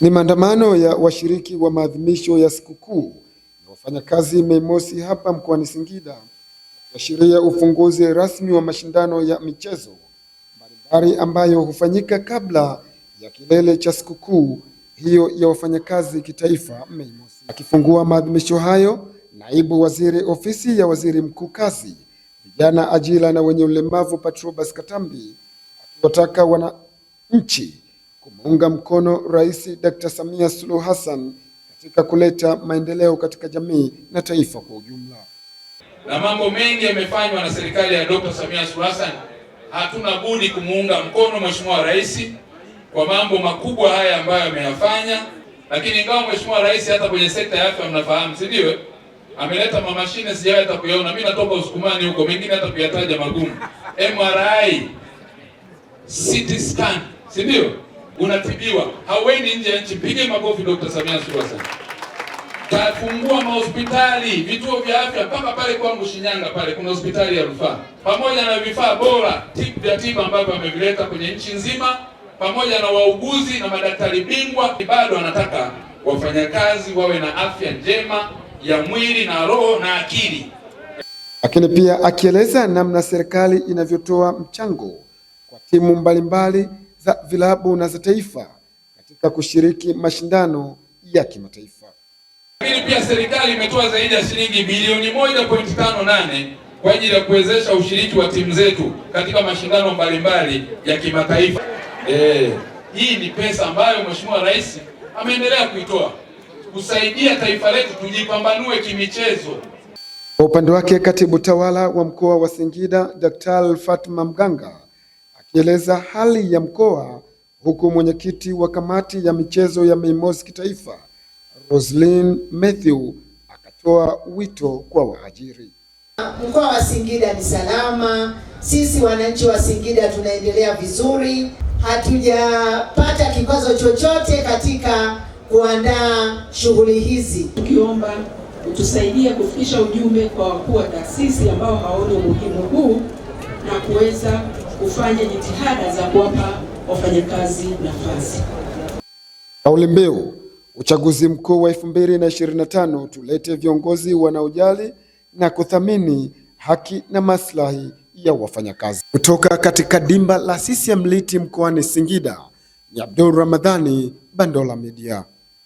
Ni maandamano ya washiriki wa maadhimisho ya sikukuu ya wafanyakazi Mei Mosi hapa mkoani Singida, kuashiria ufunguzi rasmi wa mashindano ya michezo mbalimbali ambayo hufanyika kabla ya kilele cha sikukuu hiyo ya wafanyakazi kitaifa Mei Mosi. Akifungua maadhimisho hayo, naibu waziri ofisi ya waziri mkuu kazi, vijana, ajira na wenye ulemavu Patrobas Katambi akiwataka wananchi kumuunga mkono Rais Dr. Samia Suluhu Hassan katika kuleta maendeleo katika jamii na taifa kwa ujumla. Na mambo mengi yamefanywa na serikali ya Dr. Samia Suluhu Hassan, hatuna budi kumuunga mkono Mheshimiwa Rais kwa mambo makubwa haya ambayo ameyafanya. Lakini ingawa Mheshimiwa Rais hata kwenye sekta ya afya mnafahamu, si ndio? Ameleta mamashine sijawahi hata kuyaona. Mimi natoka Usukumani huko, mengine hata kuyataja magumu. MRI, CT scan, si ndio? unatibiwa, hauendi nje ya nchi. Pige makofi Dr. Samia Suluhu Hassan. mahospitali, vituo vya afya mpaka pale kwangu Shinyanga pale kuna hospitali ya rufaa pamoja na vifaa bora vya tiba ambavyo amevileta kwenye nchi nzima, pamoja na wauguzi na madaktari bingwa. Bado anataka wafanyakazi wawe na afya njema ya mwili na roho na akili. Lakini pia akieleza namna serikali inavyotoa mchango kwa timu mbalimbali mbali, za vilabu na za taifa katika kushiriki mashindano ya kimataifa. Lakini pia serikali imetoa zaidi ya shilingi bilioni 1.58 kwa ajili ya kuwezesha ushiriki wa timu zetu katika mashindano mbalimbali ya kimataifa. Eh, hii ni pesa ambayo Mheshimiwa Rais ameendelea kuitoa kusaidia taifa letu tujipambanue kimichezo. Kwa upande wake, katibu tawala wa mkoa wa Singida Daktari Fatma Mganga eleza hali ya mkoa, huku mwenyekiti wa kamati ya michezo ya Mei Mosi kitaifa Roslyn Matthew akatoa wito kwa waajiri. Mkoa wa Singida ni salama, sisi wananchi wa Singida tunaendelea vizuri, hatujapata kikwazo chochote katika kuandaa shughuli hizi, tukiomba utusaidie kufikisha ujumbe kwa wakuu wa taasisi ambao hawaoni umuhimu huu na kuweza kufanya jitihada za kuwapa wafanyakazi nafasi. Kauli mbiu uchaguzi mkuu wa 2025 tulete viongozi wanaojali na kuthamini haki na maslahi ya wafanyakazi. Kutoka katika dimba la CCM Liti mkoani Singida, ni Abdul Ramadhani, Bandola Media.